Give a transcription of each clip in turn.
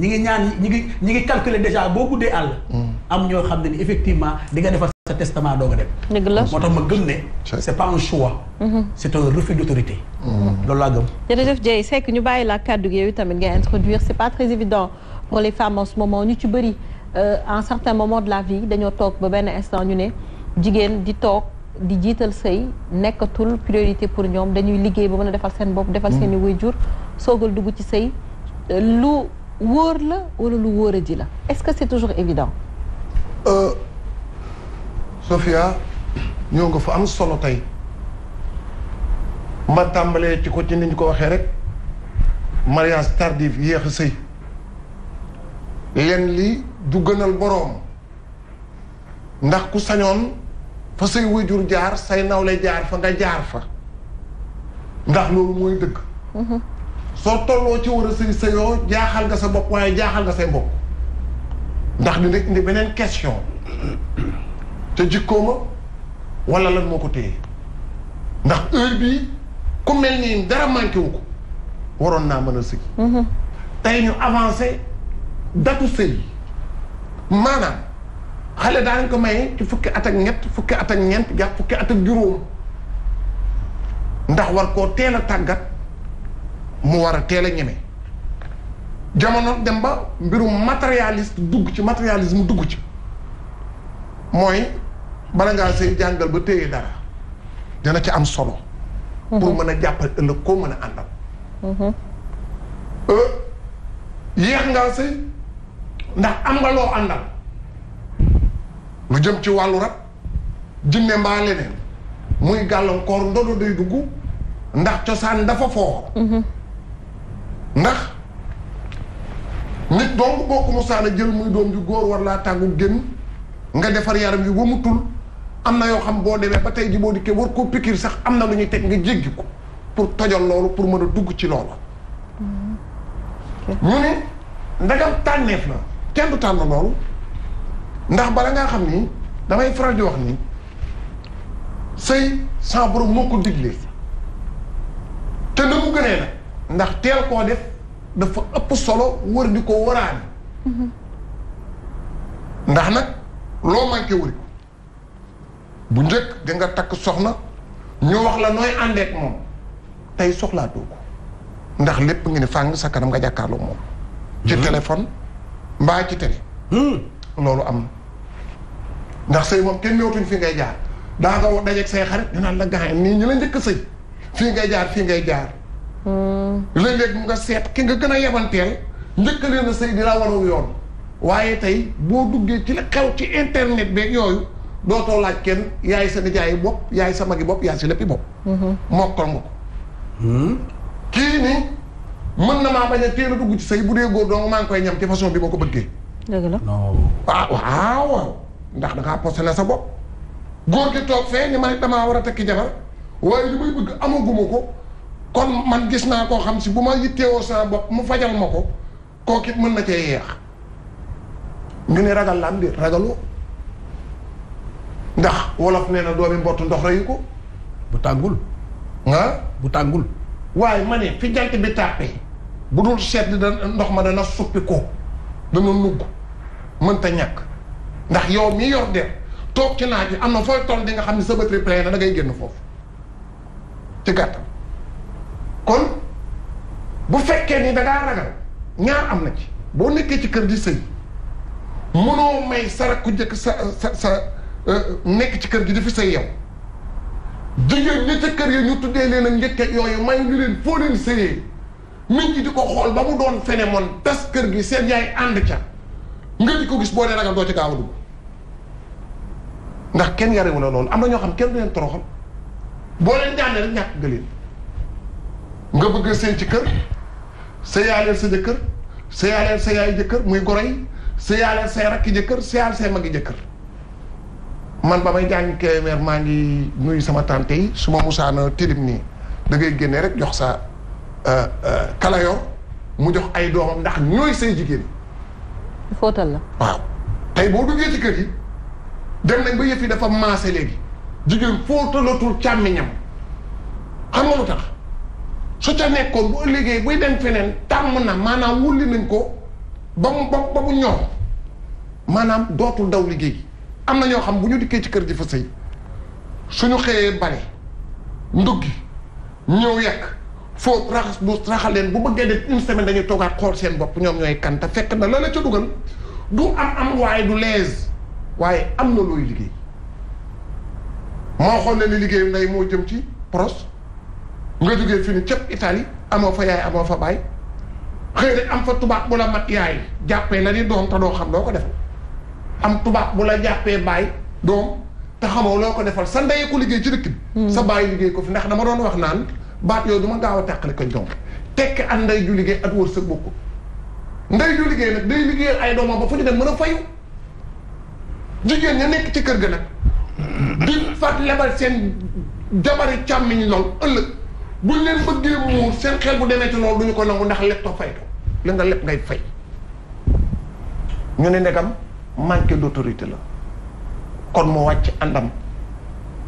ñi ngi ñaan ñi ngi ñi ngi hmm. xam ne di nga defar sa testament doo nga dem. dëgg la moo tax ma gëm ne. c'est pas un choix. Hmm. c'est un refus hmm. ñu bàyyi la kàddu gi yow tamit nga introduire c'est pas très évident pour les femmes moment ñu ci bëri euh, en certains moments de la vie dañoo toog ba benn instant ñu ne jigéen di toog. di jiital sëy nekkatul priorité pour ñoom dañuy liggéey ba mën a defal seen bopp defal seen i waajur soogal dugg ci sëy euh, lu wóor la wala lu wóor a la est-ce que c'est toujours évident. Euh, sofia ñoo nga fa am solo tey ma tàmbalee ci ko ci ni ñu ko waxee rek mariage tardif yéex a sëy leen li du gënal boroom ndax ku sañoon fa say wajur jaar say nawle jaar fa nga jaar fa ndax loolu mooy dëgg. Mm-hmm. soo tolloo ci war a sëy sëyoo jaaxal nga sa bopp waaye jaaxal nga say bopp ndax dina indi beneen question te jikkooma wala lan moo ko téye ndax heure bi ku mel nii dara manqué wu ko waroon naa mën a sëy mhm. tey ñu avancé datu sëy maanaam xale daanañ ko maye ci fukki at ak ñett fukki at ak ñeent jàpp fukki at ak juróom ndax war koo teel a tàggat mu war a teel a ñeme jamono dem ba mbirum matérialiste dugg ci matérialisme dugg ci mooy bala ngaa sëy jàngal ba téye dara dina ci am solo. Mm-hmm. pour mën a jàppal ëllëg koo mën a àndal. Mm-hmm. Euh, yéex ngaa sëy ndax am nga loo àndal lu jëm ci wàllu rab jinne mbaa leneen muy gàllankoor ndono day dugg ndax cosaan dafa foo. Mm-hmm. ndax nit donc boo ko musaana jël muy doom yu góor war laa tàggu génn nga defar yaram yu wamutul am na yoo xam boo demee ba tey ji boo dikkee war koo pikiir sax am na lu ñuy teg nga jéggi ko pour tojol loolu pour mën a dugg ci loolu mm-hmm. ñu ne ndagam tànneef na kenn du tànn loolu ndax bala ngaa xam ni damay faral di wax ni sëy sa borom moo ko digle te na mu gënee nag ndax teel koo def dafa ëpp solo wër ni ko waraani ndax nag loo manqué wëri bu njëkk di nga takk soxna ñu wax la nooy àndeek moom tey soxlaatoo ko ndax lépp ngi ne fàng sa kanam nga jàkkaarloo moom ci hmm. téléphone mbaa ci télé hmm. loolu am ndax sëy moom kenn ñëwatuñ fi ngay jaar daa nga dajeeg say xarit dinaan la gaañ nii ñu la njëkk sëy fii ngay jaar fii ngay jaar léeg-léeg mu nga seet ki nga gën a yebanteel njëkk leen a sëy di la waraw yoon waaye tey boo duggee ci la xew ci internet beeg yooyu dootoo laaj kenn yaay sa nijaayi bopp yaay sa magi bopp yaay si léppi bopp mokkal nga ko kii ni mën na maa bañ a teel dugg ci sëy bu dee góor dong maa ngi koy ñam ci façon bi ma ko bëggee dëgg la ah, waaw waaw ndax dangaa posé na sa bopp góor gi toog fee ni ma ne damaa war a tekki jabar waaye li may bëgg amaguma ko kon man gis naa koo xam si bu ma yitteewoo sama bopp mu fajal ma ko kooku mën na cee yeex ñu ne ragal la di ragaloo ndax wolof nee na doomi mbottu ndox reyu ko bu tàngul nga bu tàngul waaye ma ne fi jant bi tàppee bu dul sedd da ndox ma dana suppi ko dana nugg mënta ñàkk ndax yow mi yor der toog ci naaj am na fooy toll di nga xam ne sa batterie plein na da ngay génn foofu ci gàttal kon bu fekkee ni da ngaa ragal ñaar am na ci boo nekkee ci kër di sëy mënoo may sara ku njëkk sa sa sa euh, nekk ci kër gi di fi sëy yow jigéen ñi ca kër ya ñu tuddee leen ak njëkk yooyu may ñu leen foo leen sëyee min ci di ko xool ba mu doon phénomène tas kër gi seen yaay ànd ca nga di ko gis boo dee ragal doo ci gaaw dugg ndax kenn yarewu la loolu am na ñoo xam kenn du leen toroxal boo leen jànnee rek ñàkk nga nga bëgg a sëy ci kër sëyaaleel sa jëkkër sëyaaleel sa yaay jëkkër muy goro yi sëyaaleel say rakki jëkkër sëyaal say magi jëkkër man ba may jàng Kébémer maa ngi nuyu sama tante yi su ma musaana tilim nii da ngay génne rek jox sa euh, euh, kala mu jox ay doomam ndax ñooy say jigéen fóotal la waaw tey boo duggee ci yi dem nañ ba yëf yi dafa maase léegi jigéen fóotalatul càmmiñam xam nga lu tax su ca nekkoon bu liggéey buy dem feneen tàmm na maanaam wulli nañ ko ba mu ba mu ñor maanaam dootul daw liggéey gi am na ñoo xam bu ñu dikkee ci kër ji fa sëy suñu xëyee bari nduggi ñëw yekk foo raxas bu raxaleen bu bëggee def une semaine dañuy toogaat xool seen bopp ñoom ñooy kan te fekk na la la ca dugal du am am waaye du lees waaye am na looy liggéey moo xool ne li liggéeyu ndey moo jëm ci pros nga jógee fii nii cëpp Italie amoo fa yaay amoo fa baay xëy na am fa tubaab bu la mat yaay jàppee la ni doom te doo xam loo ko defal am tubaab bu la jàppee baay doom te xamoo loo ko defal sa ndey ko liggéey ci dëkk bi. Hmm. sa baay liggéey ko fi ndax dama doon wax naan baat yooyu du ma gaaw a tàqale ko tekk tekki an ndey ju liggéey ak wërsëg bokku ndey ju liggéey nag day liggéeyal ay doomam ba fu ñu dem mën a fayu jigéen ña nekk ci kër ga nag di fat lebal seen jabari càmmiñ lool ëllëg buñ leen bëggee muur seen xel bu demee ci loolu duñu ko nangu ndax leb too fay ko li nga leb ngay fay ñu ne ndegam manque d'autorité la kon mu wàcc àndam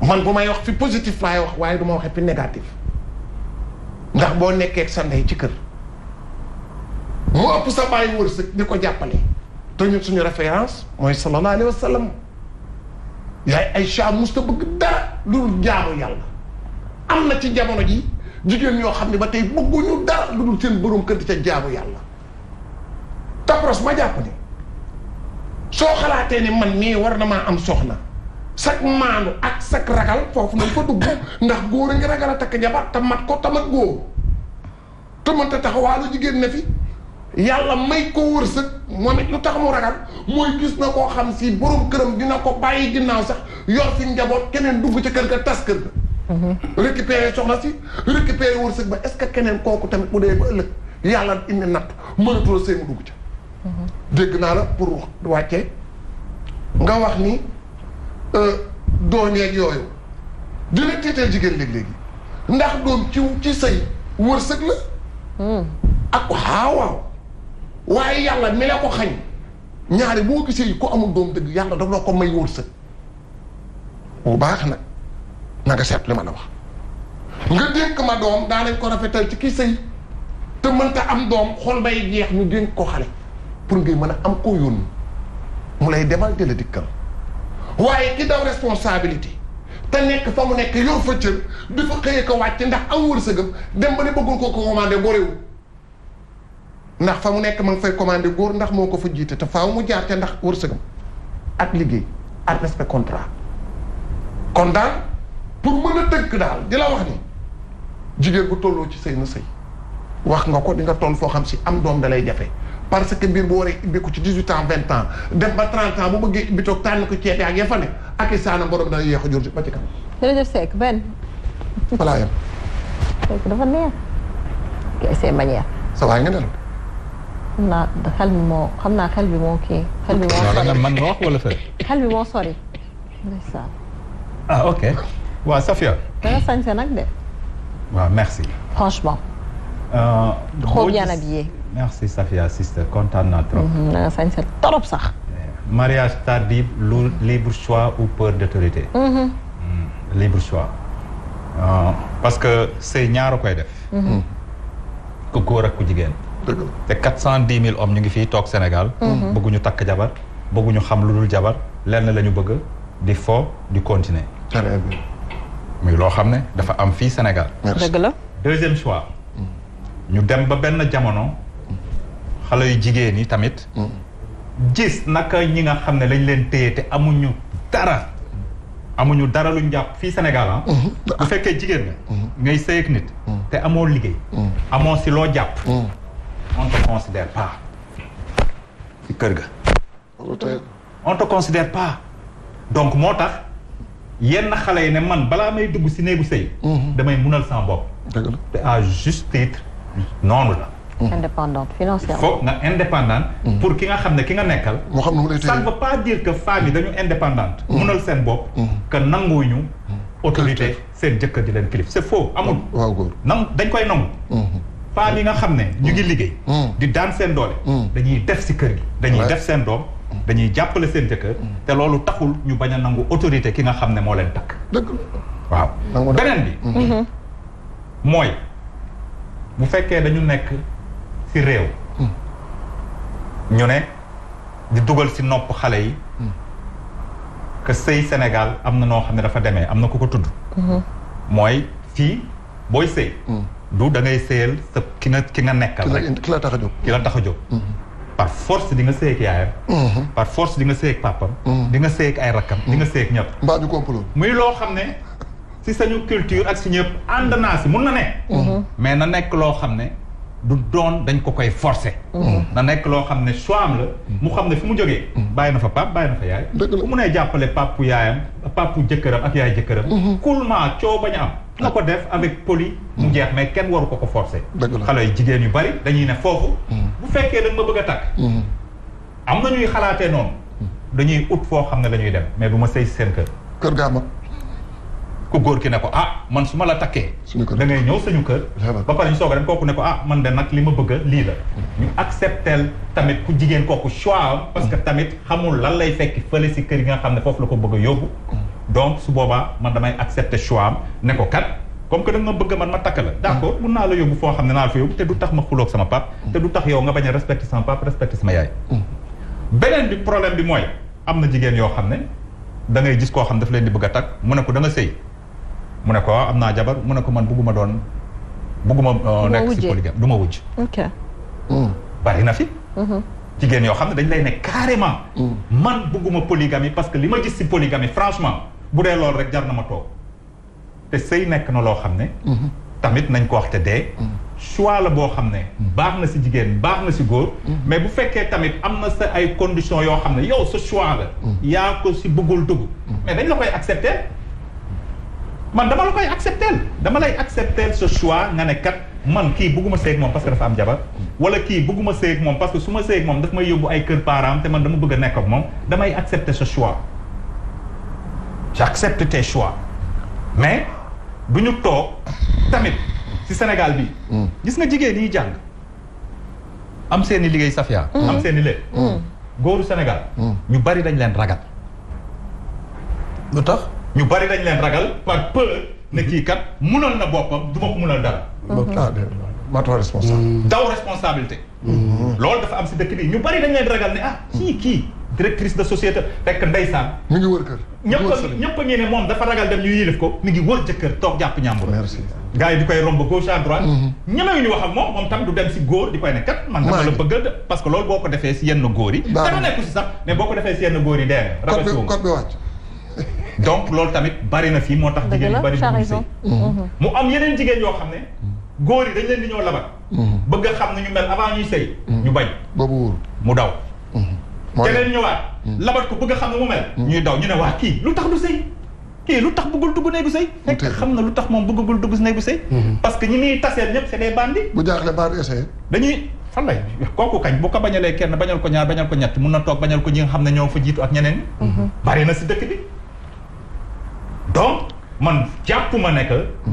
man bu may wax fi positif laay wax waaye du ma waxee fi négatif ndax boo nekkee sa ndey ci kër mu ëpp sa bàyyi wërsëg di ko jàppale te ñun suñu référence mooy sallallahu alayhi wa yaay ay cha musta bëgg dara lu jaamu yàlla am na ci jamono ji jigéen ñoo xam ne ba tey bëgguñu dara lu dul seen borom kër di ca jaamu yàlla tapros ma jàpp ni soo xalaatee ni man mii war na maa am soxna sak maanu ak sak ragal foofu nañ ko dugg ndax góor a ngi ragal a takk jabar te mat ko tamat góor te mënta taxawaalu jigéen ne fi yàlla may ko wërsëg moom it lu tax mu ragal mooy gis na koo xam si borom këram dina ko bàyyi ginnaaw sax yor fi njaboot keneen dugg ca kër ga tas kër ga Mm-hmm. récupérer soxna si récupérer wërsëg ba est-ce que keneen kooku tamit bu dee ba ëllëg yàlla indi natt mënatuloo sëy mu dugg mm-hmm. dégg naa la pour wàccee nga wax ni euh, doom yeeg yooyu dina tiital jigéen léeg-léegi ndax doom ci ci sëy wërsëg la mm. ak waaw waaw waaye yàlla mi la ko xañ ñaari boo gisee yi ko amul doom dëgg yàlla daf la ko may wërsëg bu baax nag na nga seet li ma la wax nga dénk ma doom daa lañ ko rafetal ci kii sëy te mënta am doom xool bay jeex ñu dénk ko xale pour ngay mën a am koo yónni mu lay demal di la dikkal waaye ki daw responsabilité te nekk fa mu nekk yor fa cër di fa xëyee ko wàcc ndax am wërsëgam dem ba ne bëggul koo ko commandé boorewul ndax fa mu nekk ma ngi fay commandé góor ndax moo ko fa jiite te faaw mu jaar ca ndax wërsëgam ak liggéey ak respect contrat kon daal pour mën a tënk daal di la wax ni jigéen bu tolloo ci sëy na sëy wax nga ko di nga toll foo xam si am doom lay jafe parce que mbir bu waree ubbi ko ci dix huit ans vingt ans dem ba trente ans bu bëggee ubbi toog tànn ko ceeb ak ya fa ne ak i saana borom dana yéex a jur ba ci kanam. jërëjëf Seck benn. voilà yam. Seck dafa neex. kii c'est manière. sa waay nga ne la. xam naa xal bi moo xam naa xel bi moo bi moo sori man nga wax wala fële. xel bi moo waa Safia. danga sañse nag de. waaw merci. franchement. Euh, trop bien habillé. merci Safia sister kontaan naa trop. Mhm, danga sañse trop sax. Euh, mariage tardif lu libre choix ou peur d'autorité. Mhm. Hmm, libre choix. Euh, parce que sëy ñaar koy def. Mhm. Hmm. ku góor ak ku jigéen. te quatre cent dix mille hommes ñu ngi fii toog Sénégal. Hmm. bëgguñu takk jabar bëgguñu xam lu dul jabar lenn lañu bëgg di fo di continuer. très bien. muy loo xam ne dafa am fii Sénégal. dëgg la deuxième choix. ñu dem ba benn jamono. xale yu jigéen yi tamit. gis naka ñi nga xam ne lañ leen téye te amuñu dara. amuñu dara luñ jàpp fii Sénégal ah. Mhm. bu fekkee jigéen nga. Mhm. ngay sëy nit. Mhm. te amoo liggéey. amoo si loo jàpp. on te considère kër ga. on te considère donc moo tax. yenn xale yi ne man balaa may dugg si néegu sëy mhm. damay munal sama bopp. dëgg la te à juste titre noonu la. indépendante financière. foog nga indépendante. Mhm. pour ki nga xam ne ki nga nekkal. moo xam ne mu lay téye ça ne pas dire que femmes yi dañu indépendant mhm. munal seen bopp. que ñu autorité seen jëkkër di leen kilif c'est faux amul. waaw góor nangu dañ koy nangu. femmes yi nga xam ne. ñu ngi liggéey. di daan seen doole. dañuy def si kër gi. dañuy def seen doom. dañuy jàppale seen jëkkër mm. te loolu taxul ñu bañ a nangu autorité ki nga xam ne moo leen takk dëgg waaw beneen bi mm-hmm. mooy bu fekkee dañu nekk ci réew mm. ñu ne di dugal ci nopp xale yi mm. que sëy senegal am na noo xam ne dafa demee am na ku ko tudd mm-hmm. mooy fii booy sëy du da ngay sëyal sa ki nga ki nga nekkal rek ki la tax a jóg ki la tax a jóg mm-hmm. par force di nga seeg yaayam. Mhm. par force di nga seeg papam. Mhm. di nga seeg ay rakkam. di nga ñëpp. mbaa ñu complot muy loo xam ne si sañu culture ak si ñëpp ànd naa si mun na ne. Mhm. mais na nekk loo xam ne du doon dañ ko koy forcer. na nekk loo xam ne soo am la. mu xam ne fu mu jógee. bàyyi na fa pap bàyyi na fa yaay. fu mu nee jàppale papu yaayam papu jëkkëram ak yaay jëkkëram. coulement coow bañ a am. na ko def avec poli mu jeex mais kenn waru ko ko forcer. xale yu jigéen yu bari dañuy ne foofu. fekkee dañ ma bëgg a takk. Mm-hmm. am na ñuy xalaatee noonu. Mm-hmm. dañuy ut foo xam ne lañuy dem mais bu ma sëy seen kër. kër gaa ma. ku góor ki ne ko ah man su ma la takkee. da ngay ñëw sañu kër. ba pare ñu soog a dem kooku ne ko ah man de nag li ma bëgg a lii la. Mm-hmm. ñu acceptel tamit ku jigéen kooku choix am. parce que tamit xamul lan lay fekki fële si kër gi nga xam ne foofu la ko bëgg a yóbbu. donc su boobaa man damay accepter choix am ne ko kat. comme que da nga bëgg man ma takk la d' accord mun naa la yóbbu foo xam ne naa la fa yóbbu te du tax ma xuloog sama pap te du tax yow nga bañ a respecté sama pap respecté sama yaay mm. beneen bi problème bi mooy am na jigéen yoo xam ne dangay gis koo xam ne daf leen di bëgg a takk mu ne ko da nga sëy mu ne ko ah, am naa jabar mu ne ko man bugguma doon bugguma euh, nekk si polygame du ma wujj ok mm. bari na fi mm-hmm. jigéen yoo xam ne dañ lay ne carrément mm. man bugguma polygamie parce que li ma gis si polygamie franchement bu dee loolu rek jar na ma toog te sëy nekk na loo xam ne. Mhm. tamit nañ ko wax te dee. Mhm. choix la boo xam ne. Mhm. baax na si jigéen baax na si góor. mais bu fekkee tamit am na sa ay conditions yoo xam ne yow sa choix la. yaa ko si bëggul dugg. mais dañ la koy accepter. man dama la koy accepter dama lay accepter sa choix nga ne kat man kii bëgguma sëy ak moom parce que dafa am jabar wala kii bëgguma sëy ak moom parce que su ma sëy ak moom daf may yóbbu ay kër parents te man dama bëgg a nekk ak moom damay accepter sa choix. j'accepte tes choix. mais du ñu toog tamit ci Sénégal bi mm. gis nga jigéen yi jàng am seeni liggéey Safia mm. am seeni lépp mm. góoru Sénégal ñu bari dañ leen ragal lu tax ñu bari dañ leen ragal par peur ne mm-hmm. kii kat munal na boppam du ma ko munal dara mm-hmm. mm-hmm. ah, matoo responsable daw responsabilité loolu dafa am si dëkk bi ñu bari dañ leen ragal ne ah kii kii directrice de société fekk ndeysaan. mi ngi wër kër. ñëpp ñëpp ngi ne moom dafa ragal dem ñu yilif ko mi ngi wër jëkkër toog jàpp ñàmbur. merci gars yi di koy romb gauche à droite. Mm-hmm. ñu wax ak moom moom tam du dem si góor di koy ne kat. man dama la bëgg parce que loolu boo ko defee si yenn góor yi. dara nekku si sax mais boo ko defee si yenn góor yi dee. rafetlu ko bi donc loolu tamit bari na fii moo tax. jigéen ñi bari mm-hmm. Mm-hmm. mu am yeneen jigéen yoo xam ne góor yi dañ leen di ñoo labat. bëgg xam ne ñu avant ñuy sëy ñu bañ boobu mu daw keneen ñëwaat hmm. labat ko bëgg xam ne mu mel hmm. ñuy daw ñu ne waa kii lu tax du sëy kii lu tax bëggul dugg néegu sëy fekk xam na lu tax moom bëggul dugg néegu sëy hmm. parce que ñu muy taseel ñëpp c'est des bandits bu jaaxle baar essayé kooku kañ bu ko bañalee kenn bañal ko ñaar bañal ko ñett mun na toog bañal ko ñi xam ne ñoo fa jiitu ak ñeneen bari na si dëkk bi donc man jàpp ma ne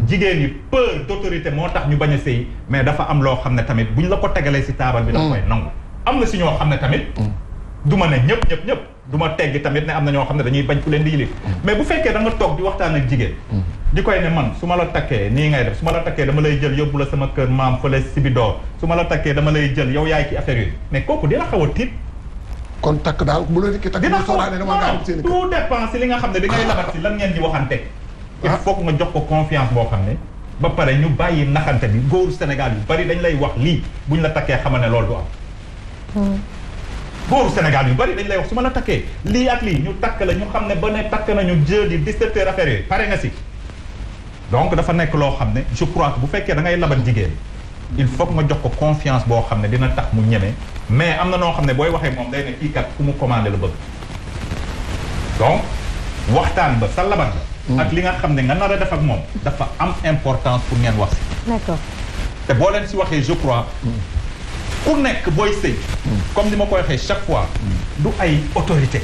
jigéen ñi peur d'autorité moo tax ñu bañ a sëy mais dafa am loo xam ne tamit bu ñu la ko tegalee si taabal bi da koy nangu am na si ñoo xam ne tamit du ma ne ñëpp ñëpp ñëpp du ma tamit ne am na ñoo xam ne dañuy bañ ku leen di yilif mais bu fekkee da nga toog di waxtaan ak jigéen mm-hmm. di koy ne man su ma la takkee nii ngay def su ma la takkee dama lay jël yóbbu la sama kër maam fële Sibidoor su ma la takkee dama lay jël yow yaay ki affaire yooyu mais kooku dina xaw a tiit kon takk daal bu la nit ki takk dina xaw a tout li nga xam ne di ngay labat si lan ngeen di waxante ah. il faut que nga jox ko confiance boo xam ne ba pare ñu bàyyi naxante bi góoru Sénégal yi bari dañ lay wax lii buñ la takkee xamal ne loolu du góoru Sénégal yu bari dañ lay wax su ma la takkee lii ak lii ñu takk la ñu xam ne ba ne takk nañu jeudi 17 heures affaire yooyu pare nga si donc dafa nekk loo xam ne je crois que bu fekkee da ngay jigéen il faut que jox ko confiance boo xam ne dina tax mu ñeme mais am na noo xam ne booy waxee moom day ne kii kat ku mu commandé la bëgg donc waxtaan ba sa laban la mm. ak li nga xam ne nga nar a def ak moom dafa am importance pour ngeen wax si d'accord te boo leen si waxee je crois mm. ku nekk booy sëy comme ni ma ko waxee chaque fois du ay autorité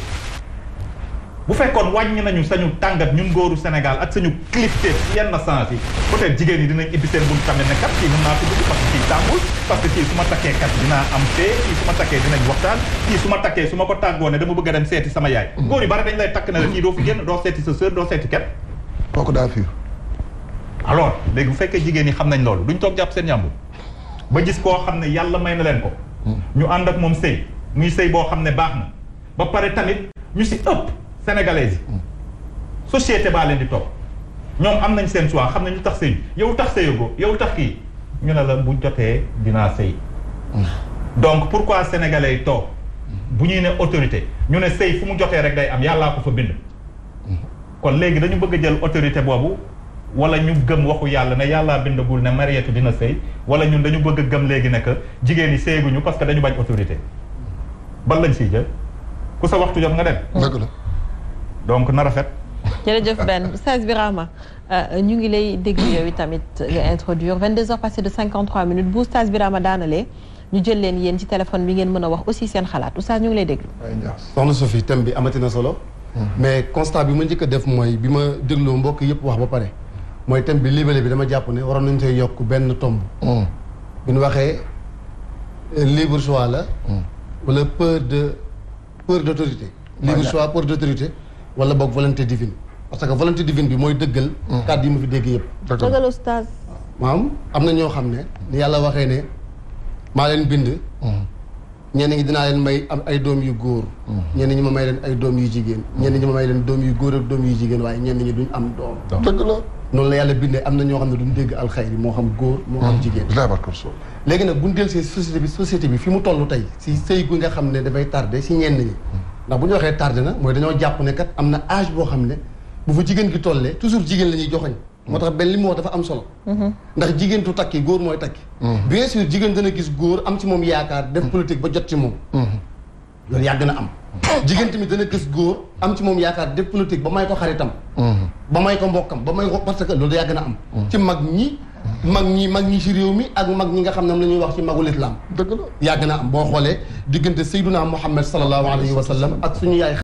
bu fekkoon wàññi nañu sañu tàngat ñun ngóoru Sénégal ak sañu clifté yenn sens yi peut-être jigéen yi dinañ ibbi seen bunt tamit ne kat kii mën naa su ma takkee kat dinaa am fee kii su ma takkee dinañ waxtaan su ma takkee su ma ko tàggoo ne dama bëgg a dem seeti sama yaay mm. góor yu bari dañ lay takk ne la kii doo fi génn doo seeti sa sœur doo seeti kat kooku daa fiir alors léegi bu fekkee jigéen yi xam nañ loolu duñ toog jàpp seen yàmbur ba gis koo xam ne yàlla may na leen ko. ñu ànd ak moom sëy muy sëy boo xam ne baax na ba pare tamit ñu si ëpp sénégalais yi. société baa leen di topp ñoom am nañ seen choix xam ne ñu tax sëy yow tax sëyagoo yow tax kii ñu ne la bu jotee dinaa sëy. donc pourquoi sénégalais yi toog bu ñuy ne autorité ñu ne sëy fu mu jotee rek day am yàllaa ko fa bind. kon léegi dañu bëgg a jël autorité boobu. wala ñu gëm waxu yàlla ne yàllaa bindagul ne Mariétu dina sëy wala ñun dañu bëgg a gëm léegi ne que jigéen ñi sëyeguñu parce que dañu bañ autorité ban lañ siy jël ku sa waxtu jot nga dem. Mm. la donc na rafet. jërëjëf benn Oustaz Birama euh, ñu ngi lay déglu yow tamit nga introduire 22 heures passées de 53 minutes bu Oustaz Birama daanalee ñu jël leen yéen ci téléphone bi ngeen mën a wax aussi seen xalaat Oustaz ñu ngi lay déglu. soxna Sophie thème bi amati na solo. Mm. mais constat bi ma njëkk a def mooy bi ma dégloo mbokk yëpp wax ba pare. mooy thème bi libellé bi dama jàpp ne waroon nañ see yokk benn tomb. Mm. bu ñu waxee euh, libre choix la. Mm. wala peur de peur d' autorité. libre choix peur d' autorité wala boog volonté divine. parce que volonté divine bi mooy dëggal. Mm. kàddu yi mu fi dégg yëpp. dëggal oustaz. maam am na ñoo xam ne. ni yàlla waxee ne maa leen bind. ñenn ñi dinaa leen may am ay doom yu góor. ñenn ñi ma may leen ay doom yu jigéen. ñenn ñi ma may leen doom yu góor ak doom yu jigéen waaye ñenn ñi duñ am doom. dëgg noonu la yàlla bindee am na ñoo xam ne duñ dégg alxayri moo xam góor moo xam hmm. jigéen léegi nag buñ dellu si société bi société bi fi mu toll tey si sëy gu nga xam ne dafay tardé si ñenn ñi hmm. ndax bu ñu waxee tardé na mooy dañoo jàpp ne kat am na âge boo xam ne bu fa jigéen gi tollee toujours jigéen la ñuy joxoñ hmm. moo tax benn li mu dafa am solo ndax jigéen tu takki góor mooy takki bien sûr jigéen dana gis góor am ci moom yaakaar def politique ba jot ci moom loolu yàgg na am jigéen tamit dana gis góor am ci moom yaakaar def politique ba may ko xaritam. ba may ko mbokkam ba may ko parce que loolu yàgg na am. Mm-hmm. ci mag ñi. mag ñi mag ñi ci réew mi ak mag ñi nga xam ne am la ñuy wax ci magul islam. dëgg la yàgg na am boo xoolee diggante Seyduna Muhammad sallallahu alayhi wa sallam ak suñu yaay.